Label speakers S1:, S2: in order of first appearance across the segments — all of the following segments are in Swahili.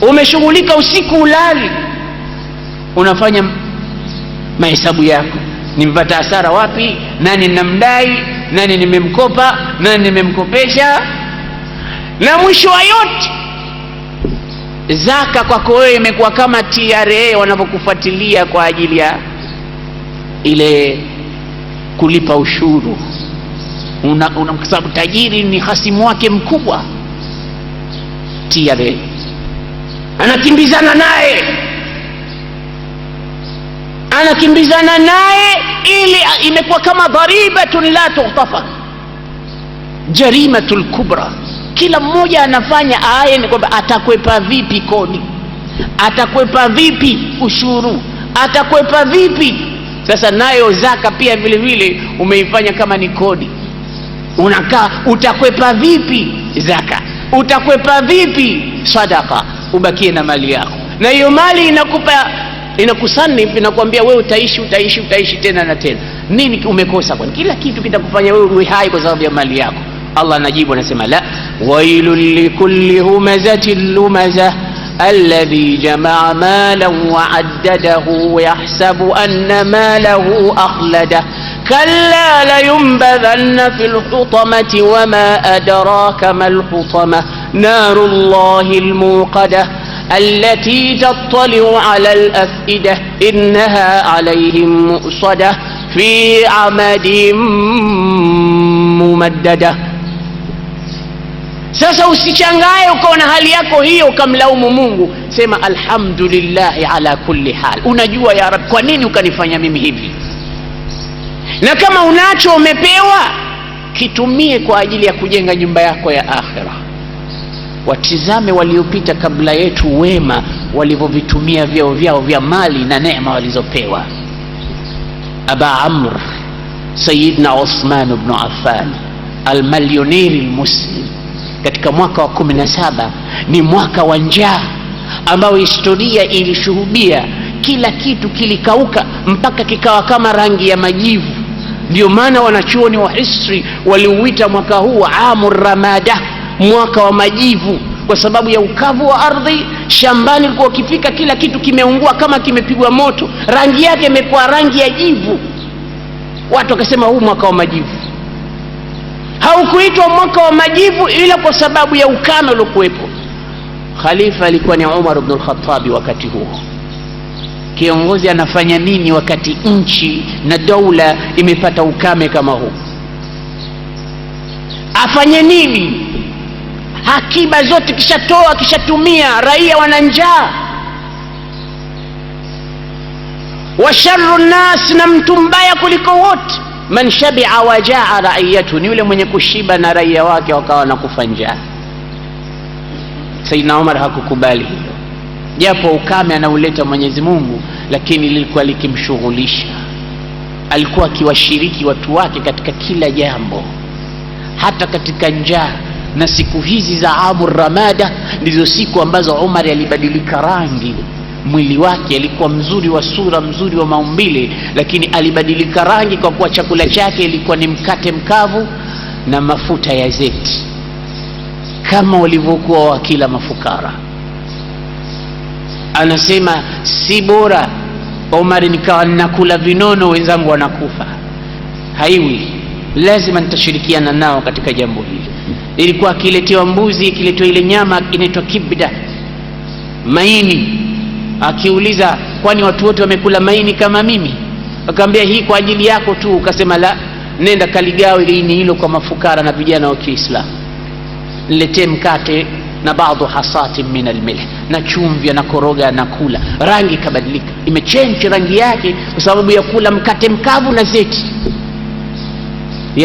S1: umeshughulika usiku ulali, unafanya mahesabu yako, nimepata hasara wapi, nani namdai, nani nimemkopa, nani nimemkopesha. Na mwisho wa yote, zaka kwako wewe imekuwa kama TRA wanavyokufuatilia kwa ajili ya ile kulipa ushuru una, una, kwa sababu tajiri ni hasimu wake mkubwa TRA anakimbizana naye anakimbizana naye ili imekuwa kama dharibatun la tuhtafak jarimatu lkubra kila mmoja anafanya aye ni kwamba atakwepa vipi kodi atakwepa vipi ushuru atakwepa vipi sasa nayo zaka pia vile vile umeifanya kama ni kodi unakaa utakwepa vipi zaka utakwepa vipi sadaka ubakie na mali yako, na hiyo mali inakupa inakusani inakwambia wewe utaishi utaishi utaishi tena na tena. Nini umekosa? kwa kila kitu kitakufanya wewe uwe hai kwa sababu ya mali yako. Allah anajibu anasema, la wailun likulli humazatin lumaza alladhi jamaa malan wa addadahu wayahsabu anna malahu akhlada kalla layumbadhanna fil hutamati wama adraka mal hutamah نار الله الموقدة التي تطلع على الأفئدة إنها عليهم مؤصدة في عمد ممددة sasa usichangae ukaona hali yako hiyo ukamlaumu mungu sema alhamdulillahi ala kulli hal unajua ya rabi kwa nini ukanifanya mimi hivi na kama unacho umepewa kitumie kwa ajili ya kujenga nyumba yako ya akhira watizame waliopita kabla yetu wema walivyovitumia vyao vyao vya mali na neema walizopewa. Aba Amr Sayidna Uthman bnu Affan almalioneri lmuslim katika mwaka wa 17 ni mwaka wa njaa ambayo historia ilishuhudia kila kitu kilikauka mpaka kikawa kama rangi ya majivu. Ndio maana wanachuoni wa history waliuita mwaka huu amu ramada mwaka wa majivu kwa sababu ya ukavu wa ardhi. Shambani ulikuwa ukifika, kila kitu kimeungua kama kimepigwa moto, rangi yake imekuwa rangi ya jivu. Watu wakasema huu mwaka wa majivu. Haukuitwa mwaka wa majivu ila kwa sababu ya ukame uliokuwepo. Khalifa alikuwa ni Umar ibn al-Khattab wakati huo. Kiongozi anafanya nini wakati nchi na dola imepata ukame kama huu? Afanye nini? akiba zote kishatoa kishatumia, raia wana njaa. Wa sharru nnas, na mtu mbaya kuliko wote, man shabia wajaa raiyatu, ni yule mwenye kushiba na raia wake wakawa wanakufa njaa. Saidna Umar hakukubali hilo, japo ukame anauleta Mwenyezi Mungu, lakini lilikuwa likimshughulisha. Alikuwa akiwashiriki watu wake katika kila jambo, hata katika njaa na siku hizi za amu ramada ndizo siku ambazo Umar alibadilika rangi mwili wake alikuwa mzuri wa sura, mzuri wa maumbile, lakini alibadilika rangi kwa kuwa chakula chake ilikuwa ni mkate mkavu na mafuta ya zeti, kama walivyokuwa wakila mafukara. Anasema si bora Omar nikawa nakula vinono, wenzangu wanakufa, haiwi, lazima nitashirikiana nao katika jambo hili ilikuwa akiletewa mbuzi, ikiletewa ile nyama inaitwa kibda, maini. Akiuliza, kwani watu wote wamekula maini kama mimi? Akamwambia hii kwa ajili yako tu. Ukasema, la, nenda kaligawe liini hilo kwa mafukara na vijana wa Kiislamu, niletee mkate na baadhi hasati min almilh na chumvi, anakoroga anakula, rangi ikabadilika, imechenji rangi yake kwa sababu ya kula mkate mkavu na zeti.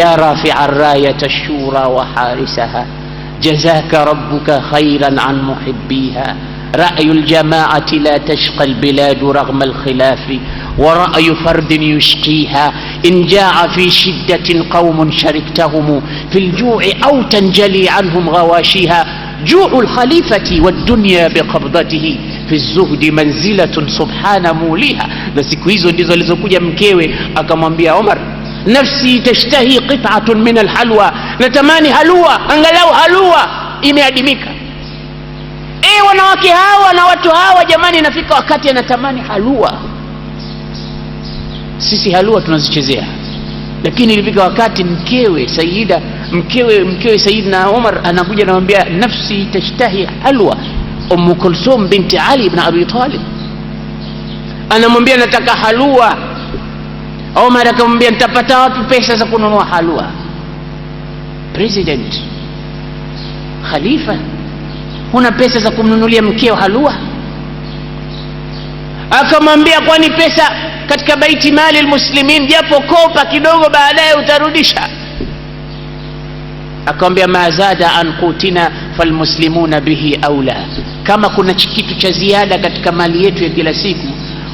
S1: يا رافع الراية الشورى وحارسها جزاك ربك خيرا عن محبيها رأي الجماعة لا تشقى البلاد رغم الخلاف ورأي فرد يشقيها إن جاع في شدة قوم شركتهم في الجوع أو تنجلي عنهم غواشيها جوع الخليفة والدنيا بقبضته في الزهد منزلة سبحان موليها نسيكو هزو ديزو لزو مكيوي أكا عمر nafsi tashtahi qit'atun min alhalwa, natamani halua, angalau halua imeadimika. E, wanawake hawa na watu hawa jamani, inafika wakati anatamani halua. Sisi halua tunazichezea, lakini ilifika wakati mkewe Sayida mkewe mkewe Sayidina Umar anakuja anamwambia, nafsi tashtahi halwa. Ummu Kulsum binti Ali ibn Abi Talib anamwambia nataka halua Omar akamwambia nitapata wapi pesa za kununua halwa? President, khalifa, huna pesa za kumnunulia mkeo halwa? Akamwambia kwani pesa katika baiti mali almuslimin, japo kopa kidogo, baadaye utarudisha. Akamwambia mazada an kutina falmuslimuna bihi aula, kama kuna kitu cha ziada katika mali yetu ya kila siku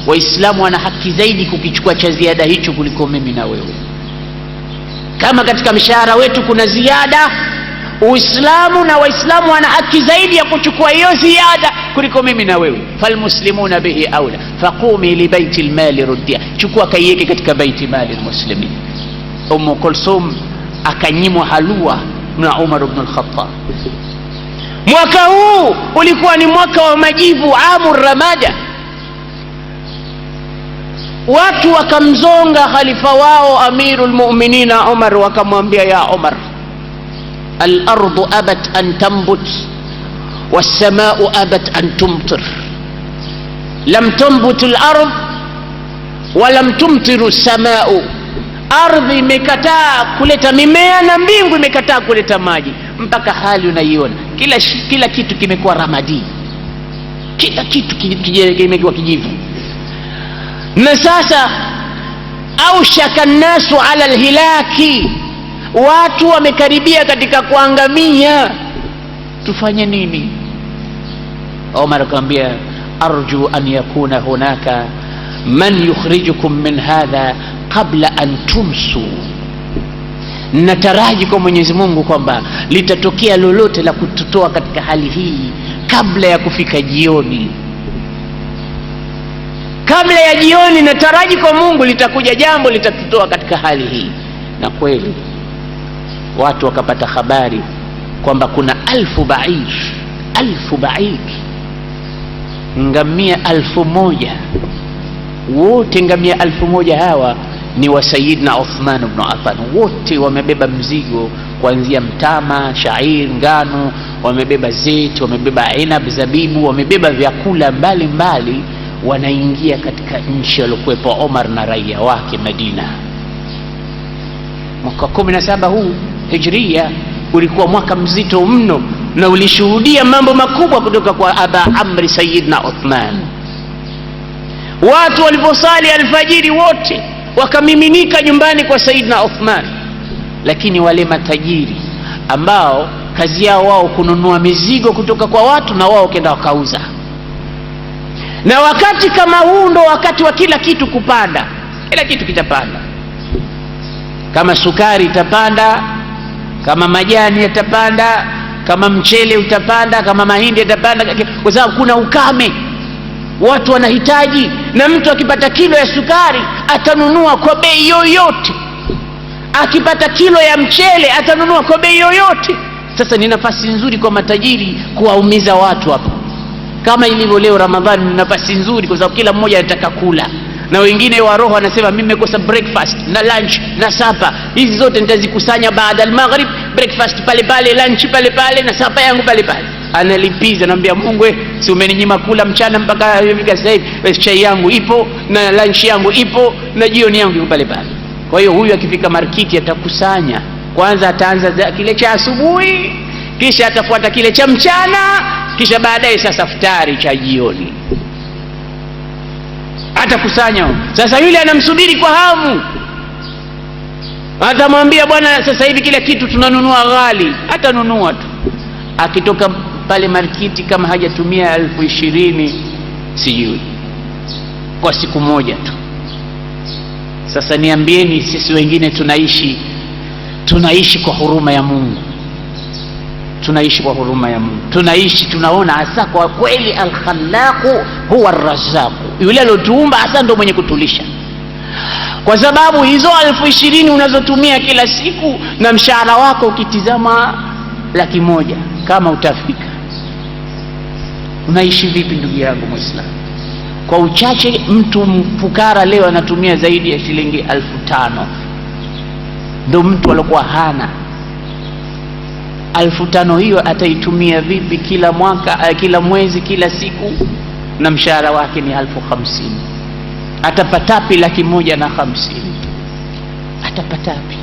S1: Waislamu wana haki zaidi kukichukua cha ziada hicho kuliko mimi na wewe. Kama katika mshahara wetu kuna ziada, Uislamu na Waislamu wana haki zaidi ya kuchukua hiyo ziada kuliko mimi na wewe. Falmuslimuna bihi aula faqumi libaiti lmali ruddia, chukua kaiweke katika baiti mali lmuslimin. Umu Kulsum akanyimwa halua na Umar bnu Lkhatab. Mwaka huu ulikuwa ni mwaka wa majivu, amu ramada watu wakamzonga khalifa wao amiru lmuminina umar wakamwambia ya umar alardu abat an tambut والسماء أبت أن تمطر لم تنبت الأرض ولم تمطر السماء ardhi imekataa kuleta mimea na mbingu imekataa kuleta maji mpaka hali unaiona kila, kila kitu kimekuwa ramadi kila kitu kimekuwa kijivu na sasa aushaka nnasu ala lhilaki, watu wamekaribia katika kuangamia, tufanye nini? Omar akamwambia arju an yakuna hunaka man yukhrijukum min hadha qabla an tumsu, nataraji kwa Mwenyezi Mungu kwamba litatokea lolote la kututoa katika hali hii kabla ya kufika jioni kabla ya jioni, na taraji kwa Mungu litakuja jambo litatutoa katika hali hii. Na kweli watu wakapata habari kwamba kuna alfu bair, alfu bair, ngamia alfu moja. Wote ngamia alfu moja hawa ni wa Sayidna Uthman ibn Affan, wote wamebeba mzigo kuanzia mtama, shairi, ngano, wamebeba zeti, wamebeba inab, zabibu, wamebeba vyakula mbalimbali mbali, wanaingia katika nchi waliokuwepo Omar na raia wake Madina. Mwaka 17 huu hijria ulikuwa mwaka mzito mno na ulishuhudia mambo makubwa kutoka kwa Aba Amri Sayyidna Uthman. Watu waliposali alfajiri wote wakamiminika nyumbani kwa Sayyidna Uthman, lakini wale matajiri ambao kazi yao wao kununua mizigo kutoka kwa watu na wao kenda wakauza na wakati kama huu ndo wakati wa kila kitu kupanda. Kila kitu kitapanda, kama sukari itapanda, kama majani yatapanda, kama mchele utapanda, kama mahindi yatapanda, kwa sababu kuna ukame, watu wanahitaji. Na mtu akipata kilo ya sukari atanunua kwa bei yoyote, akipata kilo ya mchele atanunua kwa bei yoyote. Sasa ni nafasi nzuri kwa matajiri kuwaumiza watu hapa kama ilivyo leo Ramadhani ni nafasi nzuri, kwa sababu kila mmoja anataka kula, na wengine wa roho anasema mimi nimekosa breakfast na lunch na sapa. Hizi zote nitazikusanya baada al-maghrib, breakfast pale pale, lunch pale pale, na sapa yangu pale pale. Analipiza, naambia Mungu, we si umeninyima kula mchana mpaka sasa hivi, basi chai yangu ipo na lunch yangu ipo na jioni yangu ipo pale pale. Kwa hiyo huyu akifika markiti atakusanya kwanza, ataanza kile cha asubuhi kisha atafuata kile cha mchana, kisha baadaye sasa futari cha jioni atakusanya. Sasa yule anamsubiri kwa hamu, atamwambia bwana, sasa hivi kila kitu tunanunua ghali. Atanunua tu, akitoka pale markiti, kama hajatumia elfu ishirini sijui kwa siku moja tu. Sasa niambieni, sisi wengine tunaishi tunaishi kwa huruma ya Mungu tunaishi kwa huruma ya Mungu, tunaishi tunaona hasa kwa kweli, alkhallaqu huwa arrazzaqu, yule aliotuumba hasa ndo mwenye kutulisha. Kwa sababu hizo elfu ishirini unazotumia kila siku na mshahara wako ukitizama laki moja, kama utafika unaishi vipi, ndugu yangu Mwislamu? Kwa uchache, mtu mfukara leo anatumia zaidi ya shilingi elfu tano ndo mtu aliokuwa hana alfu tano hiyo ataitumia vipi kila mwaka, eh, kila mwezi, kila siku? Na mshahara wake ni alfu hamsini atapatapi? Laki moja na hamsini atapatapi?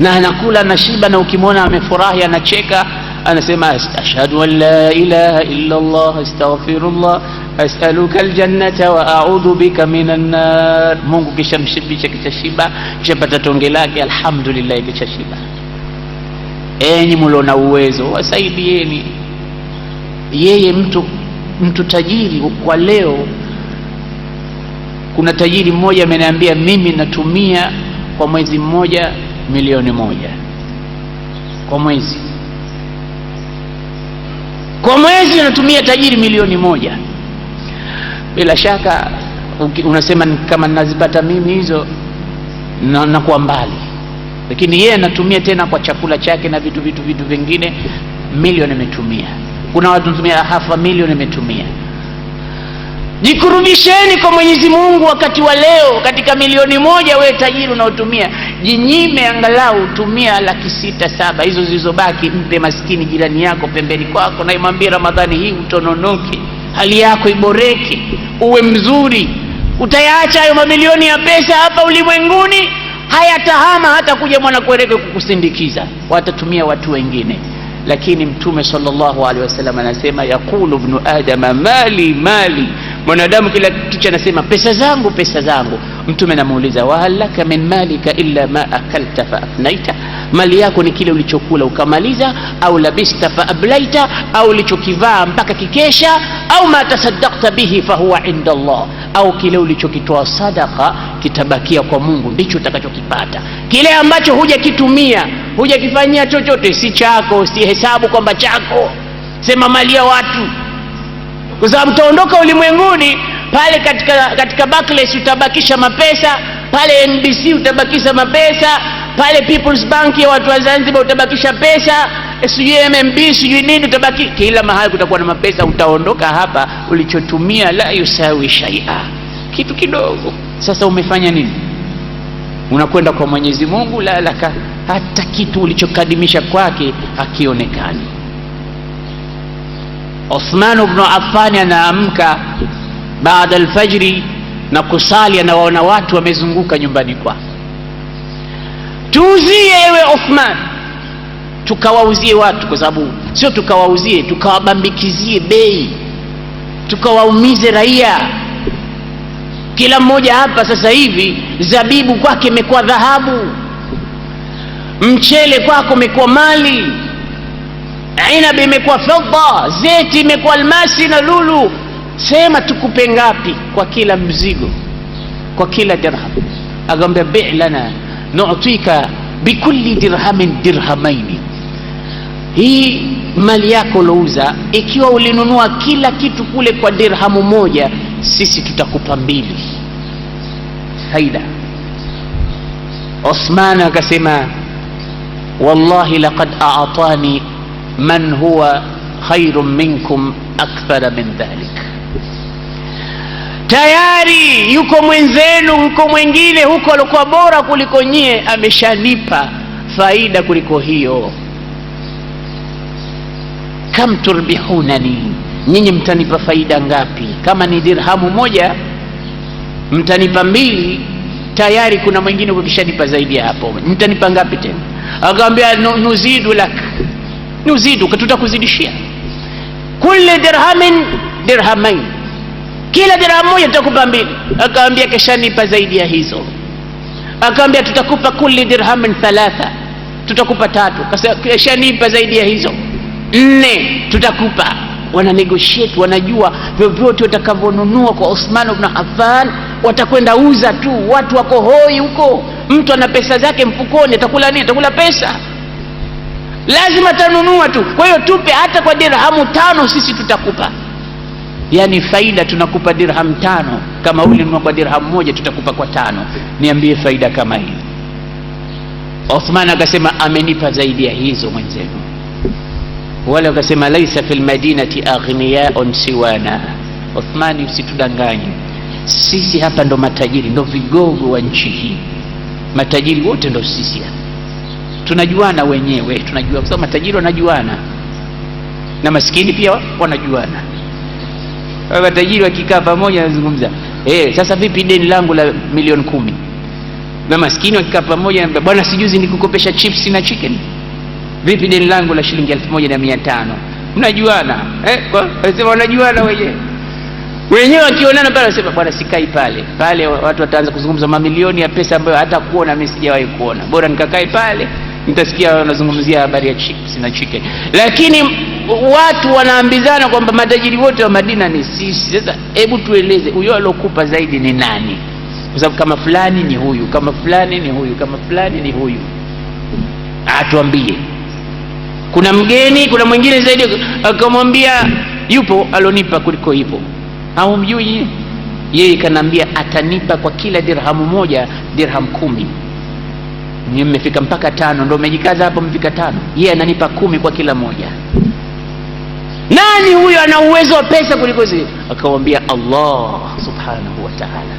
S1: Na anakula na shiba, na ukimwona amefurahi anacheka, anasema ashhadu an la ilaha illa Allah astaghfirullah asaluka aljannata wa a'udhu bika min nar. Mungu kishamshibisha, kisha shiba, kishapata tonge lake, alhamdulillah, kisha enyi mlio na uwezo wasaidieni. Yeye mtu mtu tajiri kwa leo. Kuna tajiri mmoja ameniambia mimi natumia kwa mwezi mmoja milioni moja kwa mwezi, kwa mwezi natumia tajiri milioni moja. Bila shaka unasema kama nazipata mimi hizo, nakuwa mbali lakini yeye anatumia tena kwa chakula chake na vitu vitu vitu vingine milioni imetumia. Kuna watu wanatumia hafa milioni imetumia. Jikurubisheni kwa Mwenyezi Mungu wakati wa leo. Katika milioni moja wewe tajiri unaotumia, jinyime angalau tumia laki sita saba, hizo zilizobaki mpe maskini jirani yako pembeni kwako, na imwambie Ramadhani hii utononoke, hali yako iboreke, uwe mzuri. Utayaacha hayo mamilioni ya pesa hapa ulimwenguni? hayatahama hata kuja mwanakwerekwe kukusindikiza, watatumia watu wengine. Lakini Mtume sallallahu alaihi wasallam anasema, yaqulu ibnu adama mali mali mwanadamu kila kitu anasema pesa zangu pesa zangu. Mtume anamuuliza wahalaka min malika illa ma akalta fa afnaita, mali yako ni kile ulichokula ukamaliza, au labista fa ablaita, au ulichokivaa mpaka kikesha, au ma tasaddaqta bihi fa huwa inda Allah, au kile ulichokitoa sadaka kitabakia kwa Mungu, ndicho utakachokipata. Kile ambacho hujakitumia hujakifanyia chochote, si chako, si hesabu kwamba chako, sema mali ya watu kwa sababu utaondoka ulimwenguni pale katika, katika Barclays utabakisha mapesa pale, NBC utabakisha mapesa pale, People's Bank ya watu wa Zanzibar utabakisha pesa, eh, sijui MMB sijui nini utabaki, kila mahali kutakuwa na mapesa. Utaondoka hapa, ulichotumia la yusawi shaia, kitu kidogo. Sasa umefanya nini? Unakwenda kwa Mwenyezi Mungu, la laka, hata kitu ulichokadimisha kwake hakionekani. Uthman bnu Affan anaamka baada alfajri na kusali, anawaona watu wamezunguka nyumbani kwake. Tuuzie ewe Uthman, tukawauzie watu, kwa sababu sio tukawauzie, tukawabambikizie bei, tukawaumize raia. Kila mmoja hapa sasa hivi zabibu kwake imekuwa dhahabu, mchele kwako umekuwa mali inabi imekuwa fedha, zeti imekuwa almasi na lulu. Sema tukupe ngapi kwa kila mzigo, kwa kila dirham? Akamwambia bi lana nutika bikulli dirhamin dirhamaini, hii mali yako ulouza, ikiwa ulinunua kila kitu kule kwa dirhamu moja, sisi tutakupa mbili faida. Osman akasema wallahi laqad aatani man huwa khairun minkum akthara min dhalik, tayari yuko mwenzenu mko mwingine huko alikuwa bora kuliko nyie, ameshalipa faida kuliko hiyo. Kam turbihunani, nyinyi mtanipa faida ngapi? Kama ni dirhamu moja mtanipa mbili, tayari kuna mwingine ukishanipa zaidi ya hapo, mtanipa ngapi tena? Akamwambia nuzidu lak nuziduka, tutakuzidishia. Kulli dirhamin dirhamain, kila dirham moja tutakupa mbili. Akaambia keshanipa zaidi ya hizo, akaambia tutakupa kulli dirhamin thalatha, tutakupa tatu. Keshanipa zaidi ya hizo nne, tutakupa wana negotiate, wanajua vyovyote watakavyonunua kwa Uthman ibn Affan watakwenda uza tu. Watu wako hoi huko, mtu ana pesa zake mfukoni, atakula nini? Atakula pesa lazima tanunua tu. Kwa hiyo tupe hata kwa dirhamu tano, sisi tutakupa. yani faida tunakupa dirhamu tano, kama ulinunua kwa dirhamu moja, tutakupa kwa tano. Niambie faida kama hii. Uthman akasema amenipa zaidi ya hizo mwenzenu. Wale wakasema laisa fil madinati aghniyaun siwana. Uthmani, usitudanganye sisi hapa ndo matajiri, ndo vigogo wa nchi hii, matajiri wote ndo sisi hapa tunajuana wenyewe, tunajua kwa sababu matajiri wanajuana na maskini pia wanajuana. Matajiri wakikaa pamoja wanazungumza eh, sasa vipi deni langu la milioni kumi, na maskini wakikaa pamoja, bwana sijuzi nikukopesha chips na chicken, vipi deni langu la shilingi elfu moja na mia tano mnajuana eh, wanasema wanajuana wenyewe wenyewe wakionana pale, wanasema bwana, sikai pale pale. Watu wataanza kuzungumza mamilioni ya pesa ambayo hata kuona mimi sijawahi kuona, bora nikakae pale mtasikia wanazungumzia habari ya chips na chicken, lakini watu wanaambizana kwamba matajiri wote wa Madina ni sisi. Sasa hebu tueleze, huyo aliokupa zaidi ni nani? Kwa sababu kama fulani ni huyu, kama fulani ni huyu, kama fulani ni huyu, atuambie. Kuna mgeni, kuna mwingine zaidi, akamwambia yupo alonipa kuliko hivyo, au mjui yeye? Kanaambia atanipa kwa kila dirhamu moja dirhamu kumi. Nyinyi mmefika mpaka tano, ndio umejikaza hapo, mfika tano. Yeye ananipa kumi kwa kila moja. Nani huyo ana uwezo wa pesa kuliko zile? Akamwambia Allah subhanahu wa ta'ala,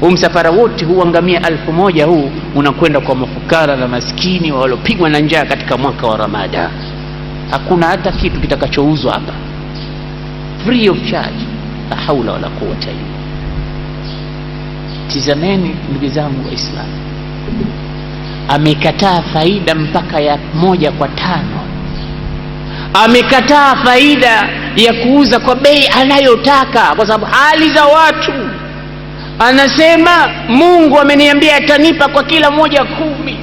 S1: huu msafara wote huangamia alfu moja huu unakwenda kwa mafukara na maskini walopigwa na njaa katika mwaka wa Ramadhan. Hakuna hata kitu kitakachouzwa hapa, free of charge. La haula wala quwwata illa. Tizameni ndugu zangu Waislamu amekataa faida mpaka ya moja kwa tano, amekataa faida ya kuuza kwa bei anayotaka, kwa sababu hali za watu. Anasema Mungu ameniambia atanipa kwa kila moja kumi.